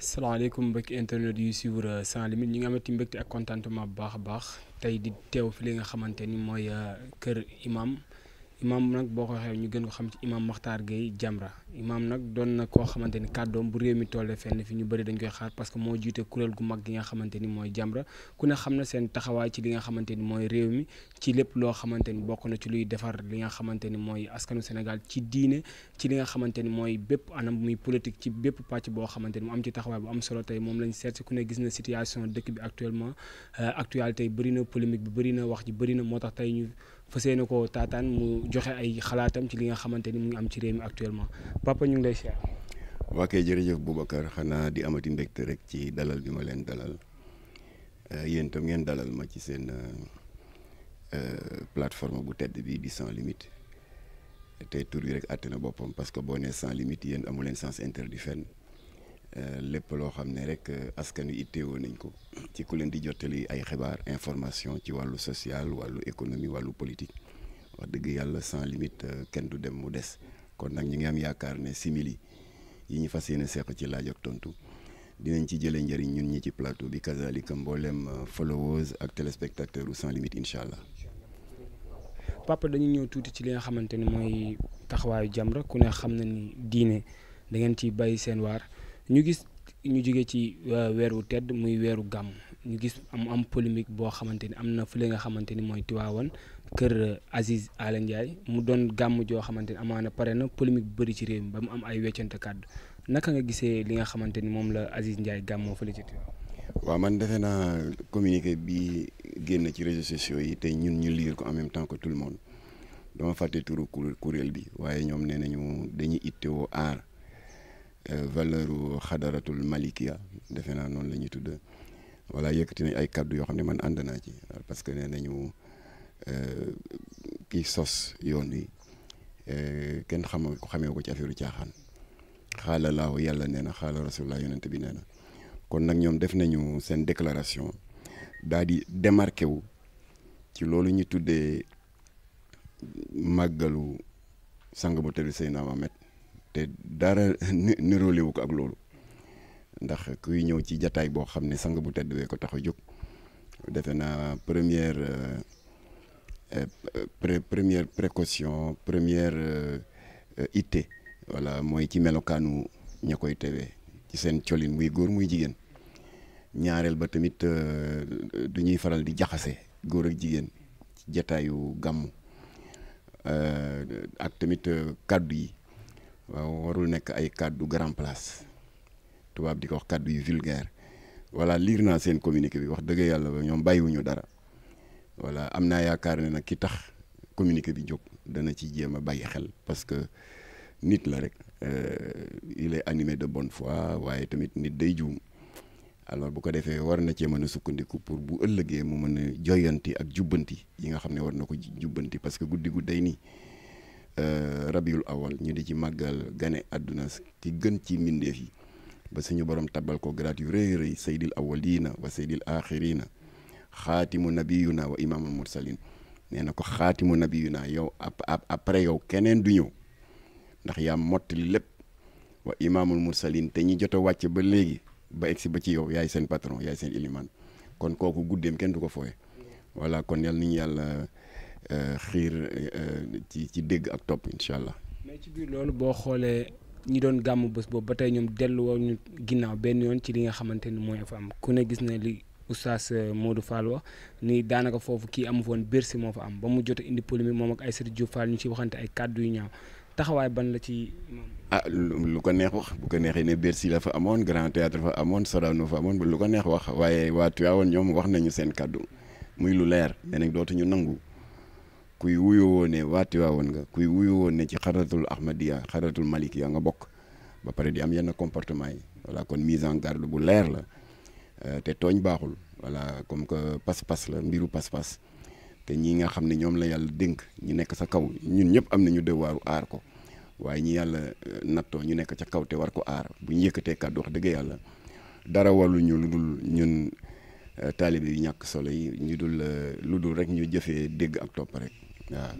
salaamaaleykum mbokki internet yu suivre sans limite ñi nga amati mbégte ak contentement bu baax a baax tey di teew fi li nga xamante ni mooy euh, kër imam imaam nag boo ko waxee ñu gën ko xam ci imaam Makhtar Gueye Jamra imaam nag doon na koo xamante ni kàddoom bu réew mi tollee fenn fi ñu bëri dañ koy xaar parce que moo jiite kuréel gu mag gi nga xamante ni mooy Jamra ku ne xam na seen taxawaay ci li nga xamante ni mooy réew mi ci lépp loo xamante ni bokk na ci luy defar li nga xamante ni mooy askanu Sénégal ci diine ci li nga xamante ni mooy bépp anam muy politique ci bépp pàcc boo xamante ni mu am ci taxawaay bu am solo tey moom lañ seet si ku ne gis na situation dëkk bi actuellement euh, actualité bëri na polémique bi bëri na wax ji bëri na moo tax tey ñu fas yéene ko taataan mu joxe ay xalaatam ci li nga xamante ni mu ngi am ci réew mi actuellement papa ñu ngi lay siyaar. waa kay jërëjëf Boubacar xanaa di amati mbégte rek ci dalal bi ma leen dalal euh, yéen ngeen dalal ma ci seen euh, plateforme bu tedd bi di sans limite te tur bi rek àtte na boppam parce que boo nee sans limite yéen amu leen sens interdit fenn. Euh, lépp loo xam ne rek euh, askan wi woon nañ ko ci ku leen di jottali ay xibaar information ci wàllu social wàllu économie wàllu politique wax dëgg yàlla sans limite euh, kenn du dem mu des kon nag ñu ngi am yaakaar ne simili yi ñu fas yéene seq ci laaj ak tontu dinañ ci jële njariñ ñun ñi ci plateau bi kazalika mboolem followers ak téléspectateurs u sans limite incha allah. papa dañu ñëw tuuti ci li nga xamante ni mooy taxawaayu Jamra ku ne xam na ni diine da ngeen ci bàyyi seen waar. ñu gis ñu jóge ci euh, weeru tedd muy weeru gàmm ñu gis am am polémique boo xamante ni am na fële nga xamante ni mooy Tiwaawan kër euh, Aziz Ala Ndiaye mu doon gàmm joo xamante ni amaana pare na polémique bu bëri ci réew mi ba mu am ay weccante kàddu naka nga gisee li nga xamante ni moom la Aziz Ndiaye gàmmoo fële ci Tiwaawan. waaw man defe naa communiqué bi génn ci réseaux sociaux yi te ñun ñu liir ko en même temps que tout le monde dama fàtte turu kuréel bi waaye ñoom nee nañu dañuy ittewoo aar. Euh, valeur u xadaratul malikia defe naa noonu la ñuy tudd voilà yëkkati nañ ay kàddu yoo xam ne man ànd naa ci euh, parce que nee nañu euh, kii sos yoon wi kenn xam ko xamee ko ci affaire caaxaan xaala laaw yàlla nee na xaala rasulullah yonent bi nee kon nag ñoom def nañu seen déclaration daal di démarqué wu ci loolu ñu tuddee màggalu sang bu tedd Seydina Muhammad te dara niróolewu ko ak loolu ndax kuy ñëw ci jataay boo xam ne sang bu tedd bee ko tax a jóg defe naa première euh, euh, pré première précaution première euh, itte voilà mooy ci melokaanu ña koy tewee ci seen colin muy góor muy jigéen ñaareel ba tamit du ñuy faral di jaxase góor ak jigéen ci jataayu gàmm ak tamit kàddu yi waaw warul nekk ay kàddu grand place tubaab di ko wax kàddu yu vulgaire voilà liir naa seen communiqué bi wax dëgg yàlla ñoom bàyyiwuñu dara voilà am naa yaakaar ne nag ki tax communiqué bi jóg dana ci jéem a bàyyi xel parce que nit la rek euh, il est animé de bonne fois waaye tamit nit day juum alors bu ko defee war na cee mën a sukkandiku pour bu ëllëgee mu mën a joyanti ak jubbanti yi nga xam ne war na ko jubbanti parce que guddi gu day nii. Euh, rabiul awal ñu di ci màggal gane àdduna ki gën ci mbindeef yi ba suñu borom tabal ko grade yu rëy rëy saydil awalina wa saydil axirina xaatimu nabiyuna wa imaamul mursalin nee na ko xaatimu nabiyuna yow après yow keneen du ñëw ndax yaa mottali lépp wa imaamul mursalin te ñi jot a wàcc ba léegi ba si ba ci yow yaay seen patron yaay seen iliman kon kooku guddeem kenn du ko fooye voilà kon yàlla ni yàlla Euh, xiir euh, ci ci dégg ak topp incha allah. mais ci biir loolu boo xoolee ñi doon gàmm bés boobu ba tey ñoom delluwoo ñu ginnaaw benn yoon ci li nga xamante ni mooy fa am ku ne gis na li oustaz euh, Modou Fall wax ni daanaka foofu kii amu foon moo fa am ba mu jot indi polémique moom ak Aïssatou Diouf Fall ñu ci waxante ay kàddu yu ñaaw. taxawaay ban la ci. ah lu ko neex wax bu ko neexee ne Bercy la fa amoon Grand Théâtre fa amoon Sorano fa amoon lu ko neex wax waaye waatu waa Tivaouane ñoom wax nañu seen kàddu muy lu leer ne nag dootuñu nangu kuy wuyoo ne waatiwaawoon nga kuy wuyoo ne ci xaratul ahmadiya xaratul yaa nga bokk ba pare di am yenn comportement yi voilà kon mise en garde bu leer la euh, te tooñ baaxul voilà comme que pas-pas la mbiru pas-pas te ñi nga xam ne ñoom la yàlla dénk ñu nekk sa kaw ñun ñëpp am nañu devoir aar ko waaye ñi yàlla euh, nattoo ñu nekk ca kaw te war ko aar bu ñu yëkkatee kàddu wax dëgg yàlla dara walu ñu lu dul ñun euh, taalibe yu ñàkk solo yi ñu dul lu dul rek ñu jëfee dégg ak topp rek waaw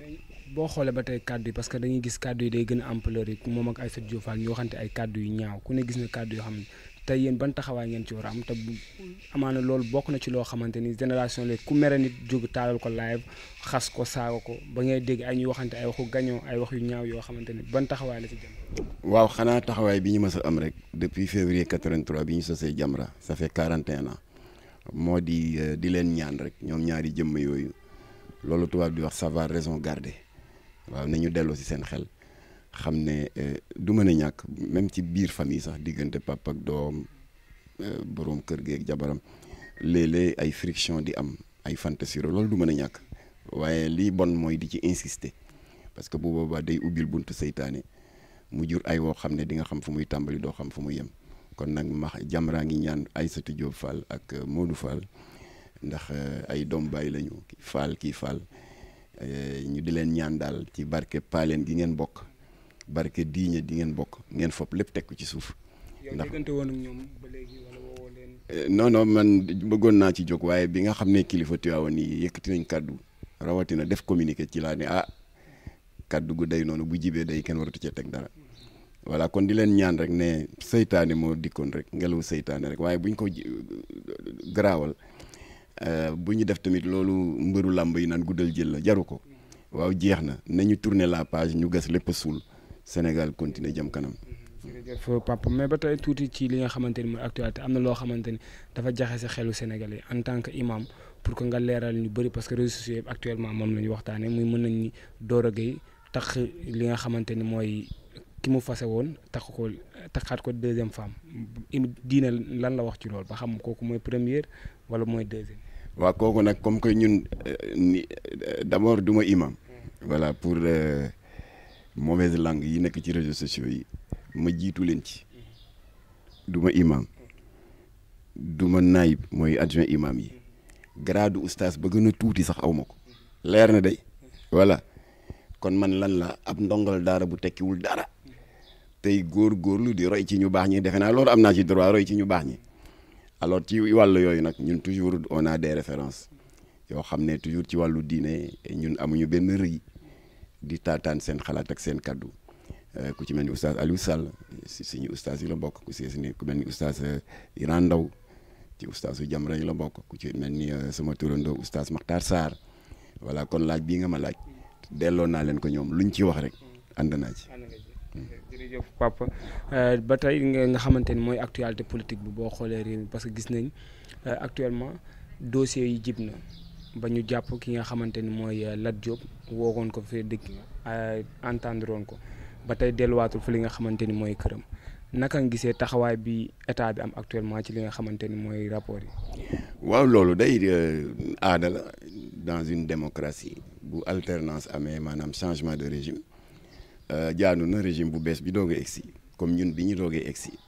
boo xoolee ba tey kàddu yi parce que dañuy gis kàddu yi day gën a ampleur yi moom ak Aïssatou Diop Fall ñu waxante ay kàddu yu ñaaw ku ne gis na kàddu yoo xam ne tey yéen ban taxawaay ngeen ci war a am te amaana loolu bokk na ci loo xamante ni génération léegi ku mere nit jóg taalal ko live xas ko saaga ko ba ngay dégg ay ñuy waxante ay waxu gañoo ay wax yu ñaaw yoo xamante ni ban taxawaay la ci jëm. waaw xanaa taxawaay bi ñu mës a am rek depuis février 83 bi ñu sosee Jamra ça fait 41 ans moo di euh, di leen ñaan rek ñoom ñaari jëmm yooyu loolu tubaab di wax savoir raison garder waaw na ñu delloo si seen xel xam ne euh, du mën a ñàkk même ci biir famille sax diggante papa ak doom euh, boroom kër gi jabaram léeg-léeg ay friction di am ay fantasiro loolu du mën a ñàkk waaye lii bon mooy di ci insister parce que bu boobaa day ubbil buntu seytaane mu jur ay woo xam ne di nga xam fu muy tàmbali doo xam fu muy yem kon nag ma Jamra ngi ñaan Aïssatou Diop Fall ak euh, Modou Fall ndax eh, ay doom bàyyi lañu kii faal kii faal eh, ñu di leen ñaan daal ci barke paaleen gi ngeen bokk barke diiñe di ngeen bokk ngeen fopp lépp teg ko ci suuf. ndax diggante woon ak ñoom ba léegi leen. Eh, non non man bëggoon naa ci jóg waaye bi nga xam ne kilifa Tiwaawan yi yëkkati nañ kàddu rawatina def communiqué ci laa ne ah kàddu gu noonu bu jibee day kenn waratu cee teg dara. voilà kon di leen ñaan rek ne seytaane moo dikkoon rek ngelaw seytaane rek waaye buñ ko garaawal. Euh, bu ñu def tamit loolu mbëru làmb yi naan guddal jël la jaru ko waaw jeex na nañu tourner la page ñu gas lépp suul Sénégal continuer jëm kanam. jërëjëf papa mais ba tey tuuti ci li nga xamante ni mooy actualité am na loo xamante ni dafa jaxe sa xelu Sénégalais en tant que imam pour que nga leeral ñu bëri parce que réseaux sociaux yëpp actuellement moom la ñu waxtaanee muy mën nañ ni Doro Gueye tax li nga xamante ni mooy ki mu fase woon tax ko taxaat ko deuxième femme diine lan la wax ci loolu ba xam kooku mooy première wala mooy deuxième. waa kooku nag comme que ñun eh, ni eh, d'abord du ma imam mm. voilà pour euh, mauvaise langue yi nekk ci réseaux sociaux yi ma jiitu leen ci mm. du ma imam du ma naayib mooy adjoint imam yi mm. grade oustaz ba gën a tuuti sax aw ma ko leer na day wala kon man lan la ab ndongal daara bu tekkiwul dara tey góor góorlu di roy ci ñu baax ñi defe naa loolu am naa ci droit roy ci ñu baax ñi alors ci wàll yooyu nag ñun toujours on a des références yoo xam ne toujours ci wàllu diine ñun amuñu benn rëy di taataan seen xalaat ak seen kàddu euh, ku ci mel ni oustaz Aliou Sall si suñu oustaz la bokk si ku mel ni oustaz euh, Iran ci oustaz yu Jamra yi la bokk ku ci mel ni euh, sama turandoo oustaz Makhtar Sarr voilà kon laaj bii nga ma laaj delloo naa leen ko ñoom luñ ci wax rek ànd naa ci. jërëjëf papa euh, ba tey nga xamante ni mooy actualité politique bi boo xoolee réew mi parce que gis nañ euh, actuellement dossier yi jib na ba ñu jàpp ki nga xamante ni mooy euh, Lat Diop woogoon ko fee dëkk entendre woon ko ba tey delluwaatul fi li nga xamante ni mooy këram naka nga gisee taxawaay bi état bi am actuellement ci li nga xamante ni mooy rapport yi. waaw loolu day aada la dans une démocratie bu alternance amee maanaam changement de régime. Euh, jaanu na régime bu bees bi doog a egsi comme ñun bi ñu doogee egsi